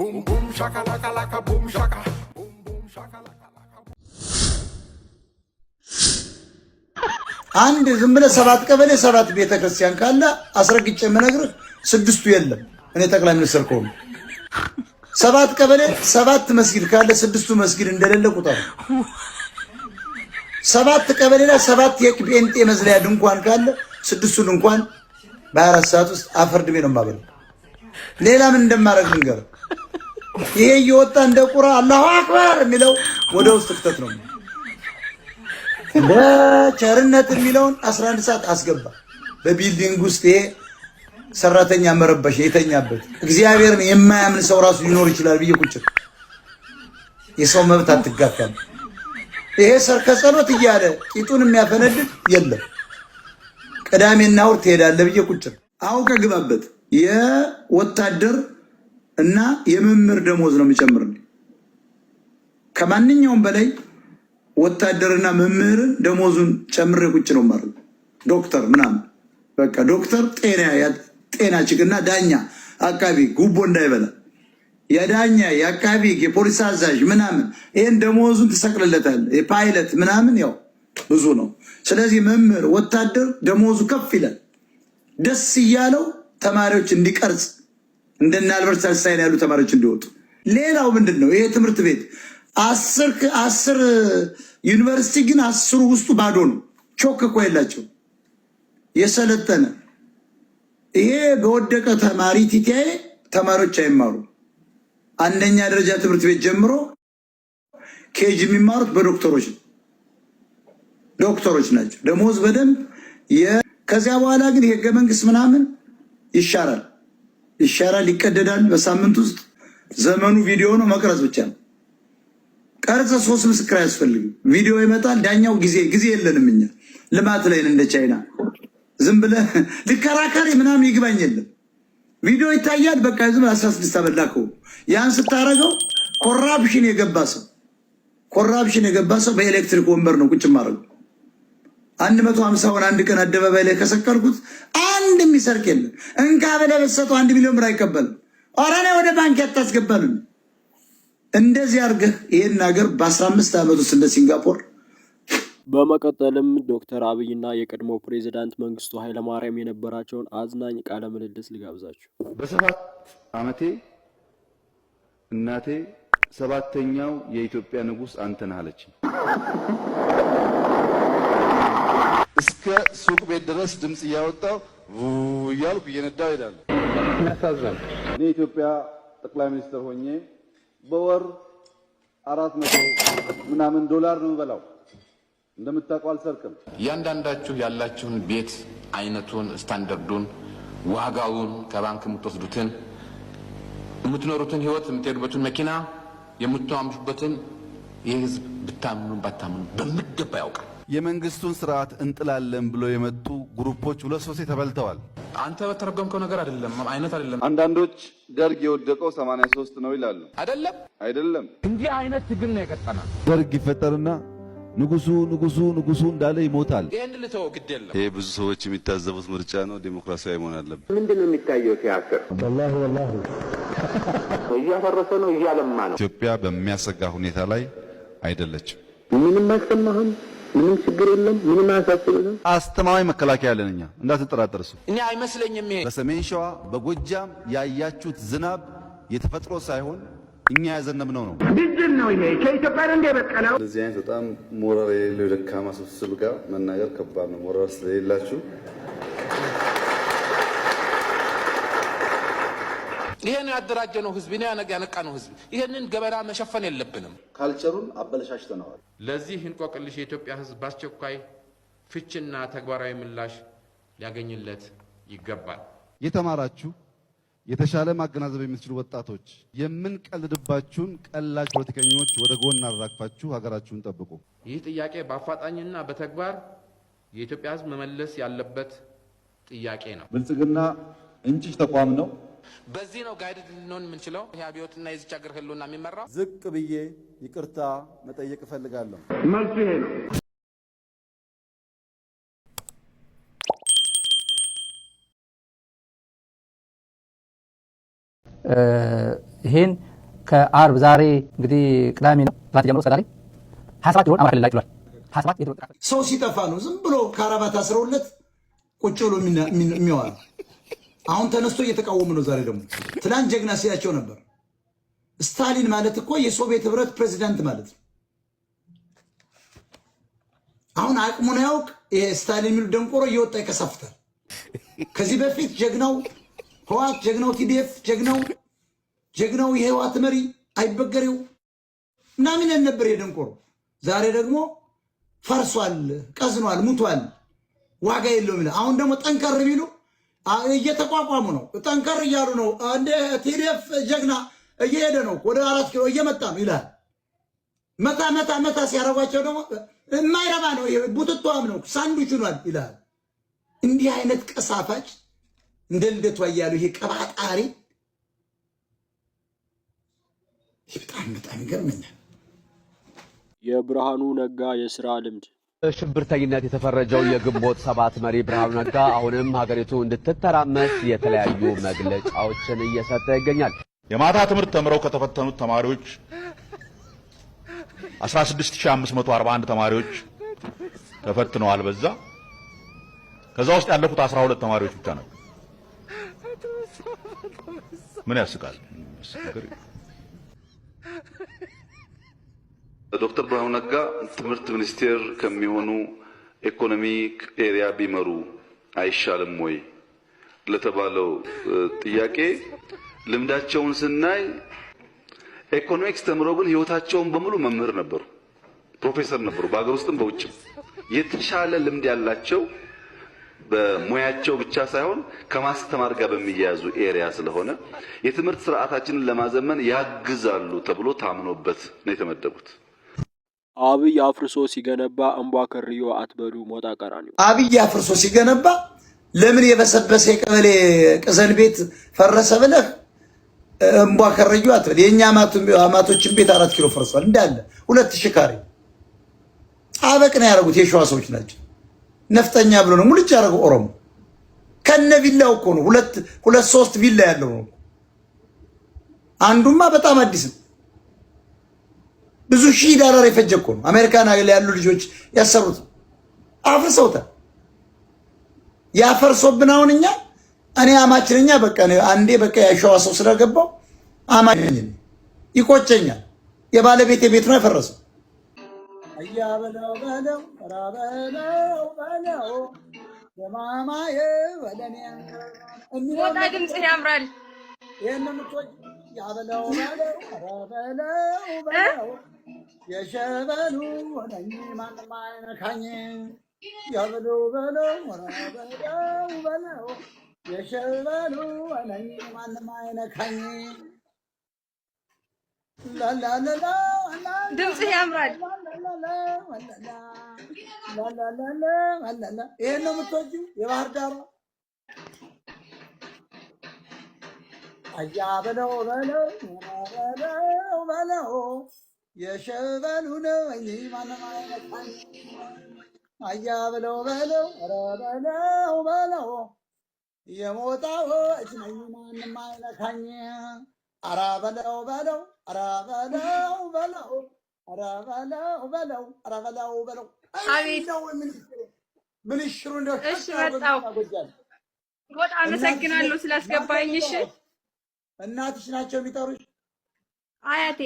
Boom, boom, shaka, laka, laka, boom, shaka. Boom, boom, shaka, laka. አንድ ዝም ብለህ ሰባት ቀበሌ ሰባት ቤተክርስቲያን ካለ አስረግጬ የምነግርህ ስድስቱ የለም። እኔ ጠቅላይ ሚኒስትር ከሆኑ ሰባት ቀበሌ ሰባት መስጊድ ካለ ስድስቱ መስጊድ እንደሌለ ቁጠር። ሰባት ቀበሌ ላይ ሰባት የጴንጤ መዝለያ ድንኳን ካለ ስድስቱ ድንኳን በአራት ሰዓት ውስጥ አፈር ድሜ ነው የማበላው። ሌላ ምን እንደማደርግ ልንገርህ። ይሄ እየወጣ እንደ ቁራ አላሁ አክበር የሚለው ወደ ውስጥ ክተት ነው። በቸርነት የሚለውን 11 ሰዓት አስገባ። በቢልዲንግ ውስጥ ይሄ ሰራተኛ መረበሽ የተኛበት እግዚአብሔርን የማያምን ሰው ራሱ ሊኖር ይችላል ብዬ ቁጭ የሰው መብት አትጋፋም። ይሄ ሰርከስ እያለ ቂጡን የሚያፈነድድ የለም። ቅዳሜና እሑድ ትሄዳለህ ብዬ ቁጭ አሁን ከግባበት የወታደር እና የመምህር ደሞዝ ነው የሚጨምርልኝ። ከማንኛውም በላይ ወታደርና መምህርን ደሞዙን ጨምሬ ቁጭ ነው ማለት ዶክተር ምናምን በቃ ዶክተር ጤና ችግና ዳኛ አቃቢ ጉቦ እንዳይበላ የዳኛ የአቃቢ የፖሊስ አዛዥ ምናምን ይህን ደሞዙን ትሰቅልለታል። የፓይለት ምናምን ያው ብዙ ነው። ስለዚህ መምህር ወታደር ደሞዙ ከፍ ይላል። ደስ እያለው ተማሪዎች እንዲቀርጽ እንደና አልበርት ሳይን ያሉ ተማሪዎች እንዲወጡ። ሌላው ምንድን ነው ይሄ ትምህርት ቤት አስር አስር ዩኒቨርሲቲ ግን አስሩ ውስጡ ባዶ ነው። ቾክ እኮ የላቸው የሰለጠነ ይሄ በወደቀ ተማሪ ቲቲያዬ ተማሪዎች አይማሩ። አንደኛ ደረጃ ትምህርት ቤት ጀምሮ ኬጅ የሚማሩት በዶክተሮች ነው። ዶክተሮች ናቸው ደሞዝ በደንብ ከዚያ በኋላ ግን የህገ መንግስት ምናምን ይሻራል። ይሻራል፣ ይቀደዳል። በሳምንት ውስጥ ዘመኑ ቪዲዮ ነው፣ መቅረጽ ብቻ ነው። ቀርጸ ሶስት ምስክር አያስፈልግም። ቪዲዮ ይመጣል። ዳኛው ጊዜ ጊዜ የለንም እኛ ልማት ላይ እንደ ቻይና ዝም ብለ ልከራከሪ ምናምን ይግባኝ የለም። ቪዲዮ ይታያል። በቃ ዝም አስራ ስድስት አበላከው። ያን ስታረገው ኮራፕሽን የገባ ሰው ኮራፕሽን የገባ ሰው በኤሌክትሪክ ወንበር ነው ቁጭ ማድረገው አንድ መቶ ሀምሳውን አንድ ቀን አደባባይ ላይ ከሰቀልኩት አንድ የሚሰርቅ የለም። እንካ በላይ በሰጠው አንድ ሚሊዮን ብር አይቀበልም። ኧረ እኔ ወደ ባንክ አታስገባንም። እንደዚህ አድርገህ ይህን ሀገር በአስራ አምስት ዓመት ውስጥ እንደ ሲንጋፖር በመቀጠልም ዶክተር አብይና የቀድሞ ፕሬዚዳንት መንግስቱ ኃይለማርያም የነበራቸውን አዝናኝ ቃለ ምልልስ ልጋብዛችሁ። በሰባት ዓመቴ እናቴ ሰባተኛው የኢትዮጵያ ንጉስ አንተ ነህ አለችኝ። ሱቅ ቤት ድረስ ድምፅ እያወጣው እያልኩ እየነዳው ይላል። ያሳዝናል። እኔ ኢትዮጵያ ጠቅላይ ሚኒስትር ሆኜ በወር አራት መቶ ምናምን ዶላር ነው የምበላው። እንደምታውቀው አልሰርቅም። እያንዳንዳችሁ ያላችሁን ቤት አይነቱን፣ ስታንዳርዱን፣ ዋጋውን፣ ከባንክ የምትወስዱትን፣ የምትኖሩትን ህይወት፣ የምትሄዱበትን መኪና፣ የምትሟሙሹበትን የህዝብ ብታምኑ ባታምኑ በሚገባ ያውቃል። የመንግስቱን ስርዓት እንጥላለን ብሎ የመጡ ግሩፖች ሁለት ሶስት ተበልተዋል። አንተ በተረጎምከው ነገር አይደለም አይነት አይደለም። አንዳንዶች ደርግ የወደቀው 83 ነው ይላሉ። አይደለም አይደለም። እንዲህ አይነት ትግል ነው የቀጠና። ደርግ ይፈጠርና ንጉሱ ንጉሱ ንጉሱ እንዳለ ይሞታል። ይህን ልተው ግድ የለም። ይህ ብዙ ሰዎች የሚታዘቡት ምርጫ ነው። ዴሞክራሲያዊ መሆን አለበት። ምንድን ነው የሚታየው ሲያስር ወላሂ ወላሂ እያፈረሰ ነው፣ እያለማ ነው። ኢትዮጵያ በሚያሰጋ ሁኔታ ላይ አይደለችም። ምንም አልሰማህም። ምንም ችግር የለም። ምንም አያሳስብም። አስተማማኝ መከላከያ አለን እኛ እንዳትጠራጠር። እሱ እኔ አይመስለኝም። ይሄ በሰሜን ሸዋ በጎጃም ያያችሁት ዝናብ የተፈጥሮ ሳይሆን እኛ ያዘነብነው ነው። ድድን ነው ይሄ ከኢትዮጵያ እንደ በቀለው እንደዚህ አይነት በጣም ሞራል የሌለው ደካማ ስብስብ ጋር መናገር ከባድ ነው። ሞራል ስለሌላችሁ ይሄን ያደራጀ ነው ህዝብ፣ ያነቃ ነው ህዝብ። ይሄንን ገበና መሸፈን የለብንም። ካልቸሩን አበለሻሽተነዋል። ለዚህ እንቆቅልሽ የኢትዮጵያ ህዝብ በአስቸኳይ ፍችና ተግባራዊ ምላሽ ሊያገኝለት ይገባል። የተማራችሁ የተሻለ ማገናዘብ የምትችሉ ወጣቶች የምንቀልድባችሁን ቀላጅ ፖለቲከኞች ወደ ጎን አራግፋችሁ ሀገራችሁን ጠብቁ። ይህ ጥያቄ በአፋጣኝና በተግባር የኢትዮጵያ ህዝብ መመለስ ያለበት ጥያቄ ነው። ብልጽግና እንጭጭ ተቋም ነው። በዚህ ነው ጋይድ ልንሆን የምንችለው። ይህ አብዮትና የዚች ሀገር ህልውና የሚመራው ዝቅ ብዬ ይቅርታ መጠየቅ እፈልጋለሁ። መልሱ ይሄ ነው። ይህን ከአርብ ዛሬ እንግዲህ ቅዳሜ ነው ትናንት ጀምሮ እስከ ዛሬ ሀያ ሰባት ሆን አማራ ክልል ላይ ችሏል። ሰው ሲጠፋ ነው ዝም ብሎ ከአረባት አስረውለት ቁጭ ብሎ የሚዋል አሁን ተነስቶ እየተቃወሙ ነው። ዛሬ ደግሞ ትላንት ጀግና ሲያቸው ነበር። ስታሊን ማለት እኮ የሶቪየት ህብረት ፕሬዚዳንት ማለት ነው። አሁን አቅሙን ያውቅ ይሄ ስታሊን የሚሉ ደንቆሮ እየወጣ ይከሳፍታል። ከዚህ በፊት ጀግናው ህዋት፣ ጀግናው ቲዲኤፍ፣ ጀግናው ጀግናው የህዋት መሪ አይበገሬው ምናምን ነበር የደንቆሮ። ዛሬ ደግሞ ፈርሷል፣ ቀዝኗል፣ ሙቷል፣ ዋጋ የለውም ይላል። አሁን ደግሞ ጠንከር ቢሉ እየተቋቋሙ ነው። ጠንከር እያሉ ነው። እንደ ቲዲኤፍ ጀግና እየሄደ ነው። ወደ አራት ኪሎ እየመጣ ነው ይላል። መታ መታ መታ ሲያረጓቸው ደግሞ የማይረባ ነው፣ ቡትቷም ነው፣ ሳንዱች ሆኗል ይላል። እንዲህ አይነት ቀሳፋጭ እንደ ልደቷ እያሉ ይሄ ቀባጣሪ በጣም በጣም ይገርመኛል። የብርሃኑ ነጋ የስራ ልምድ ሽብርተኝነት የተፈረጀው የግንቦት ሰባት መሪ ብርሃኑ ነጋ አሁንም ሀገሪቱ እንድትተራመስ የተለያዩ መግለጫዎችን እየሰጠ ይገኛል። የማታ ትምህርት ተምረው ከተፈተኑት ተማሪዎች 16541 ተማሪዎች ተፈትነዋል። በዛ ከዛ ውስጥ ያለፉት 12 ተማሪዎች ብቻ ነው። ምን ያስቃል? ዶክተር ብርሃኑ ነጋ ትምህርት ሚኒስቴር ከሚሆኑ ኢኮኖሚክ ኤሪያ ቢመሩ አይሻልም ወይ ለተባለው ጥያቄ ልምዳቸውን ስናይ ኢኮኖሚክስ ተምረው ግን ህይወታቸውን በሙሉ መምህር ነበሩ፣ ፕሮፌሰር ነበሩ፣ በሀገር ውስጥም በውጭም የተሻለ ልምድ ያላቸው በሙያቸው ብቻ ሳይሆን ከማስተማር ጋር በሚያያዙ ኤሪያ ስለሆነ የትምህርት ስርዓታችንን ለማዘመን ያግዛሉ ተብሎ ታምኖበት ነው የተመደቡት። አብይ አፍርሶ ሲገነባ እንቧ ከርዮ አትበሉ። ሞጣ ቀራኒዮ አብይ አፍርሶ ሲገነባ ለምን የበሰበሰ የቀበሌ ቅዘን ቤት ፈረሰ ብለህ እንቧ ከርዮ አትበል። የእኛ አማቶችን ቤት አራት ኪሎ ፈርሷል እንዳለ ሁለት ሺህ ካሬ አበቅ ነው ያደረጉት። የሸዋ ሰዎች ናቸው። ነፍጠኛ ብሎ ነው ሙልጭ ያደረገው ኦሮሞ ከነ ቪላው እኮ ነው። ሁለት ሁለት ሶስት ቪላ ያለው ነው። አንዱማ በጣም አዲስ ነው። ብዙ ሺህ ዳላር የፈጀ እኮ ነው። አሜሪካን ሀገር ያሉ ልጆች ያሰሩት አፍርሰውታል። ያፈርሶብን አሁን እኛ እኔ አማች ነኝ። በቃ አንዴ በቃ የሸዋ ሰው ስለገባው አማች ነኝ። ይቆጨኛል። የባለቤት የቤት ነው ያፈረሰው። ቦታ ድምፅ ያምራል። ይህን የምትወ የሸበሉ ወደኝ ማንም አይነካኝ የብሉ በሉ ወረበደው በለው የሸበሉ ወደኝ ማንም አይነካኝ። ላላላላ ድምፅ ያምራል። ይሄን ነው የምትወጂው የባህር ዳር አያ በለው በለው በለው የሸበሉ ነው እንግዲህ ማንም አያ ብለው በለው በለው በለው የሞጣው እችነኝ ማንም አይነካኝ። አራ በለው በለው አራ በለው በለው አራ በለው በለው አራ በለው በለው አቤት ምን ይሽሩ እንደው እሺ፣ መጣሁ። በጣም አመሰግናለሁ ስላስገባኝ። እናትሽ ናቸው የሚጠሩሽ አያቴ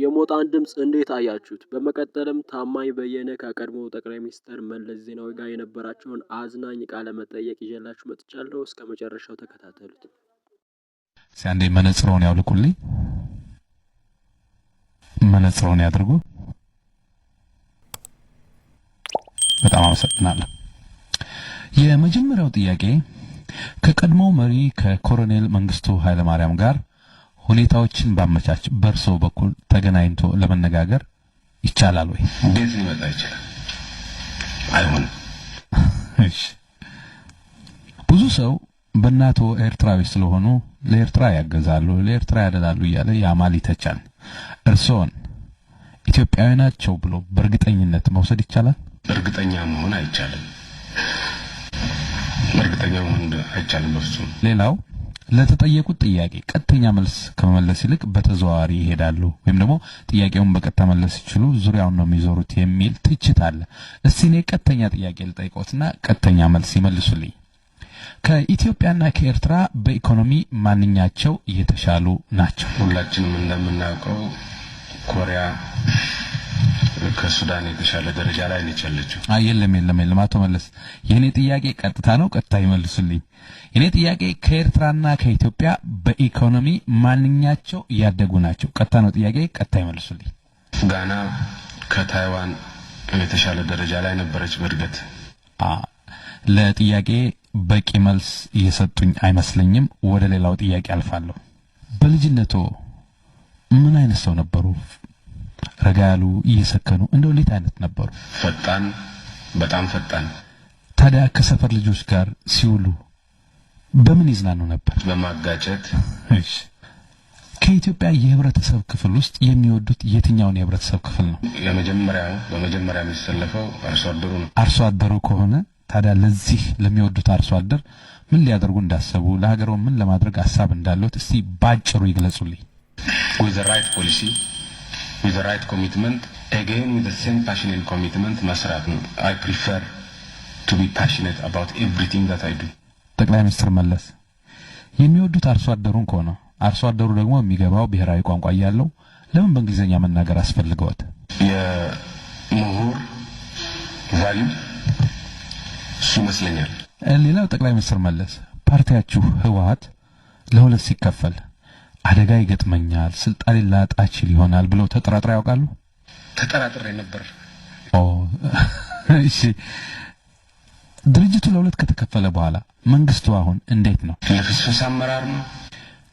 የሞጣን ድምፅ እንዴት አያችሁት? በመቀጠልም ታማኝ በየነ ከቀድሞ ጠቅላይ ሚኒስትር መለስ ዜናዊ ጋር የነበራቸውን አዝናኝ ቃለ መጠየቅ ይዤላችሁ መጥቻለሁ። እስከ መጨረሻው ተከታተሉት። ሲያንዴ መነጽሮን ያውልቁልኝ። መነጽሮን ያድርጉ። በጣም አመሰግናለሁ። የመጀመሪያው ጥያቄ ከቀድሞ መሪ ከኮሎኔል መንግስቱ ኃይለማርያም ጋር ሁኔታዎችን ባመቻች በእርሶ በኩል ተገናኝቶ ለመነጋገር ይቻላል ወይ? እንዴት ሊመጣ ይችላል? አይሆንም። ብዙ ሰው በእናቶ ኤርትራዊ ስለሆኑ ለኤርትራ ያገዛሉ፣ ለኤርትራ ያደላሉ እያለ ያማል ይተቻል። እርስዎን ኢትዮጵያዊ ናቸው ብሎ በእርግጠኝነት መውሰድ ይቻላል? እርግጠኛ መሆን አይቻልም። እርግጠኛ መሆን አይቻልም በፍጹም። ሌላው ለተጠየቁት ጥያቄ ቀጥተኛ መልስ ከመመለስ ይልቅ በተዘዋዋሪ ይሄዳሉ ወይም ደግሞ ጥያቄውን በቀጥታ መለስ ሲችሉ ዙሪያውን ነው የሚዞሩት የሚል ትችት አለ። እስቲ እኔ ቀጥተኛ ጥያቄ ልጠይቆትና ቀጥተኛ መልስ ይመልሱልኝ። ከኢትዮጵያና ከኤርትራ በኢኮኖሚ ማንኛቸው የተሻሉ ናቸው? ሁላችንም እንደምናውቀው ኮሪያ ከሱዳን የተሻለ ደረጃ ላይ ነች ያለችው። አይ የለም የለም የለም፣ አቶ መለስ የኔ ጥያቄ ቀጥታ ነው፣ ቀጥታ ይመልሱልኝ። የኔ ጥያቄ ከኤርትራና ከኢትዮጵያ በኢኮኖሚ ማንኛቸው እያደጉ ናቸው? ቀጥታ ነው ጥያቄ፣ ቀጥታ ይመልሱልኝ። ጋና ከታይዋን የተሻለ ደረጃ ላይ ነበረች በእድገት። ለጥያቄ በቂ መልስ እየሰጡኝ አይመስለኝም። ወደ ሌላው ጥያቄ አልፋለሁ። በልጅነቶ ምን አይነት ሰው ነበሩ? ረጋ ያሉ እየሰከኑ እንደው ሌት አይነት ነበሩ። ፈጣን፣ በጣም ፈጣን። ታዲያ ከሰፈር ልጆች ጋር ሲውሉ በምን ይዝናኑ ነበር? በማጋጨት። እሺ፣ ከኢትዮጵያ የህብረተሰብ ክፍል ውስጥ የሚወዱት የትኛውን የህብረተሰብ ክፍል ነው? ለመጀመሪያ በመጀመሪያ የሚሰለፈው አርሶ አደሩ ነው። አርሶ አደሩ ከሆነ ታዲያ ለዚህ ለሚወዱት አርሶ አደር ምን ሊያደርጉ እንዳሰቡ ለሀገሩ ምን ለማድረግ ሀሳብ እንዳለት እስቲ ባጭሩ ይግለጹልኝ። ዊዝ ራይት ፖሊሲ with the right commitment, again with the same passion and commitment መስራት ነው። I prefer to be passionate about everything that I do። ጠቅላይ ሚኒስትር መለስ የሚወዱት አርሶ አደሩን ከሆነ አርሶ አደሩ ደግሞ የሚገባው ብሔራዊ ቋንቋ እያለው ለምን በእንግሊዝኛ መናገር አስፈልገዋል? የምሁር ቫሉ እሱ ይመስለኛል። ሌላው ጠቅላይ ሚኒስትር መለስ ፓርቲያችሁ ህወሀት ለሁለት ሲከፈል አደጋ ይገጥመኛል፣ ስልጣኔ ላጣ እችል ይሆናል ብለው ተጠራጥረው ያውቃሉ? ተጠራጥሬ ነበር። እሺ፣ ድርጅቱ ለሁለት ከተከፈለ በኋላ መንግስቱ አሁን እንዴት ነው? ልፍስፍስ አመራር ነው።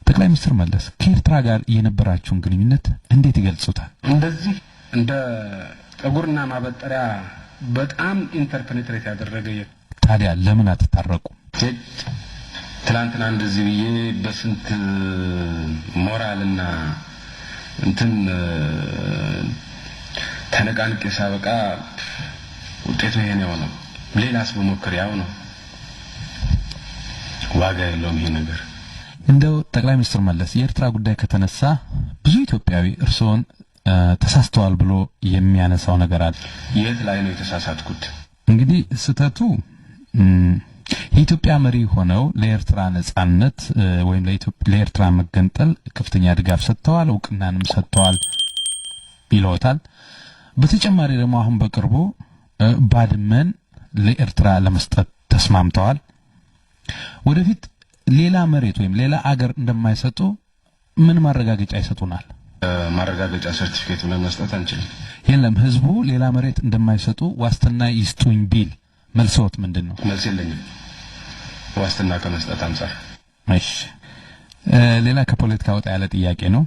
ጠቅላይ ሚኒስትር መለስ ከኤርትራ ጋር የነበራቸውን ግንኙነት እንዴት ይገልጹታል? እንደዚህ እንደ ጠጉርና ማበጠሪያ በጣም ኢንተርፕኔትሬት ያደረገ። ታዲያ ለምን አትታረቁ? ትላንትና እንደዚህ ብዬ በስንት ሞራልና እንትን ተነቃንቅ ሳበቃ ውጤቱ ይሄን ያው ነው። ሌላስ ብሞክር ያው ነው። ዋጋ የለውም ይሄ ነገር። እንደው ጠቅላይ ሚኒስትር መለስ የኤርትራ ጉዳይ ከተነሳ ብዙ ኢትዮጵያዊ እርስዎን ተሳስተዋል ብሎ የሚያነሳው ነገር አለ። የት ላይ ነው የተሳሳትኩት? እንግዲህ ስህተቱ የኢትዮጵያ መሪ ሆነው ለኤርትራ ነጻነት ወይም ለኤርትራ መገንጠል ከፍተኛ ድጋፍ ሰጥተዋል፣ እውቅናንም ሰጥተዋል ይለወታል። በተጨማሪ ደግሞ አሁን በቅርቡ ባድመን ለኤርትራ ለመስጠት ተስማምተዋል። ወደፊት ሌላ መሬት ወይም ሌላ አገር እንደማይሰጡ ምን ማረጋገጫ ይሰጡናል? ማረጋገጫ ሰርቲፊኬት ብለን መስጠት አንችልም። የለም ህዝቡ ሌላ መሬት እንደማይሰጡ ዋስትና ይስጡኝ ቢል መልሶት ምንድን ነው? መልስ የለኝም። ዋስትና ከመስጠት አንጻር። እሺ፣ ሌላ ከፖለቲካ ወጣ ያለ ጥያቄ ነው።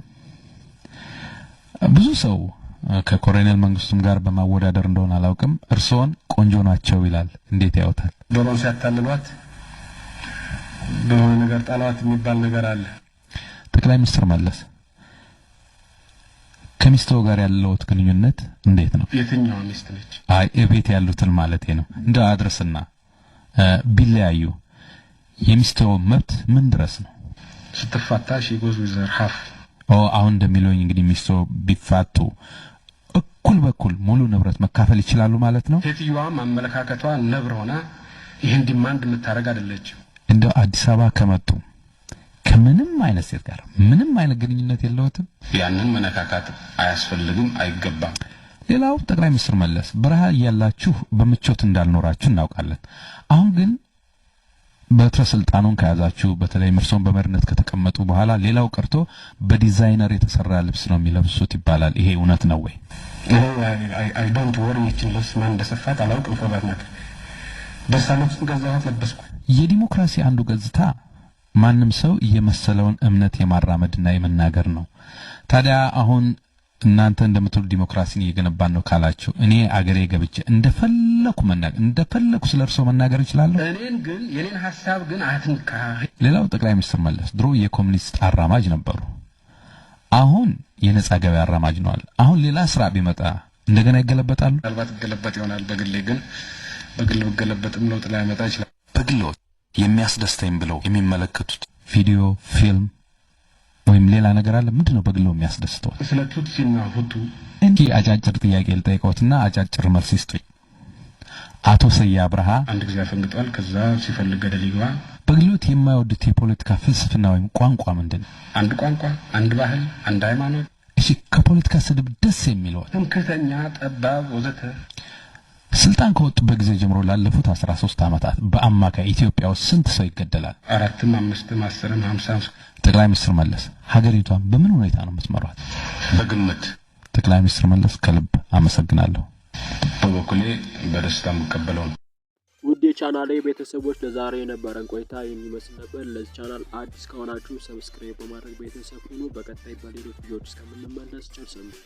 ብዙ ሰው ከኮሎኔል መንግስቱም ጋር በማወዳደር እንደሆነ አላውቅም፣ እርስዎን ቆንጆ ናቸው ይላል። እንዴት ያውታል? ዶሮን ሲያታልሏት በሆነ ነገር ጣሏት የሚባል ነገር አለ። ጠቅላይ ሚኒስትር መለስ ከሚስቶ ጋር ያለውት ግንኙነት እንዴት ነው? የትኛው ሚስት ነች? አይ እቤት ያሉትን ማለት ነው። እንደ አድርስና ቢለያዩ የሚስታውን መብት ምን ድረስ ነው? ስትፋታ ጎዝ ዊዘር ሀፍ አሁን እንደሚለኝ እንግዲህ ሚስቶ ቢፋቱ እኩል በኩል ሙሉ ንብረት መካፈል ይችላሉ ማለት ነው። ሴትዮዋም አመለካከቷ ነብር ሆና ይህን ዲማንድ የምታደርግ አይደለችም። እንደው አዲስ አበባ ከመጡ ከምንም አይነት ሴት ጋር ምንም አይነት ግንኙነት የለውትም። ያንን መነካካት አያስፈልግም፣ አይገባም። ሌላው ጠቅላይ ሚኒስትር መለስ በረሃ እያላችሁ በምቾት እንዳልኖራችሁ እናውቃለን። አሁን ግን በትረ ስልጣኑን ከያዛችሁ በተለይ እርሶን በመሪነት ከተቀመጡ በኋላ ሌላው ቀርቶ በዲዛይነር የተሰራ ልብስ ነው የሚለብሱት ይባላል። ይሄ እውነት ነው ወይ? ዶንት ወሪ ይችን ልብስ ማን እንደሰፋት አላውቅም። ኮባት ናት ደሳ ልብሱን ገዛኋት፣ ለበስኩ። የዲሞክራሲ አንዱ ገጽታ ማንም ሰው የመሰለውን እምነት የማራመድና የመናገር ነው። ታዲያ አሁን እናንተ እንደምትሉ ዲሞክራሲን እየገነባን ነው ካላችሁ እኔ አገሬ ገብቼ እንደፈለኩ መናገር እንደፈለኩ ስለ እርስዎ መናገር እችላለሁ። እኔን ግን የኔን ሀሳብ ግን አትንካ። ሌላው ጠቅላይ ሚኒስትር መለስ ድሮ የኮሚኒስት አራማጅ ነበሩ። አሁን የነጻ ገበያ አራማጅ ነዋል። አሁን ሌላ ስራ ቢመጣ እንደገና ይገለበጣሉ። ምናልባት ይገለበጥ ይሆናል። በግሌ ግን በግል ብገለበጥም ለውጥ ላያመጣ ይችላል። በግል የሚያስደስተኝ ብለው የሚመለከቱት ቪዲዮ ፊልም ወይም ሌላ ነገር አለ? ምንድን ነው በግለው የሚያስደስተው? ስለ ቱትሲና ሁቱ እንዲ አጫጭር ጥያቄ ልጠይቀዎትና አጫጭር መልስ ይስጡኝ። አቶ ሰያ አብርሃ አንድ ጊዜ አፈንግጧል፣ ከዛ ሲፈልግ ገደል ይገባ። በግሎት የማይወዱት የፖለቲካ ፍልስፍና ወይም ቋንቋ ምንድን ነው? አንድ ቋንቋ፣ አንድ ባህል፣ አንድ ሃይማኖት። እሺ፣ ከፖለቲካ ስድብ ደስ የሚለዋል ትምክህተኛ፣ ጠባብ፣ ወዘተ ስልጣን ከወጡበት ጊዜ ጀምሮ ላለፉት 13 ዓመታት በአማካይ ኢትዮጵያ ውስጥ ስንት ሰው ይገደላል? አራትም አምስትም አስርም ሀምሳም። ጠቅላይ ሚኒስትር መለስ ሀገሪቷን በምን ሁኔታ ነው የምትመሯት? በግምት። ጠቅላይ ሚኒስትር መለስ ከልብ አመሰግናለሁ። በበኩሌ በደስታ የምቀበለው ነው። ውድ የቻናሌ ቤተሰቦች ለዛሬ የነበረን ቆይታ የሚመስል ነበር። ለዚህ ቻናል አዲስ ከሆናችሁ ሰብስክራይብ በማድረግ ቤተሰብ ሁኑ። በቀጣይ በሌሎች ልጆች እስከምንመለስ ቸር ሰንብቱ።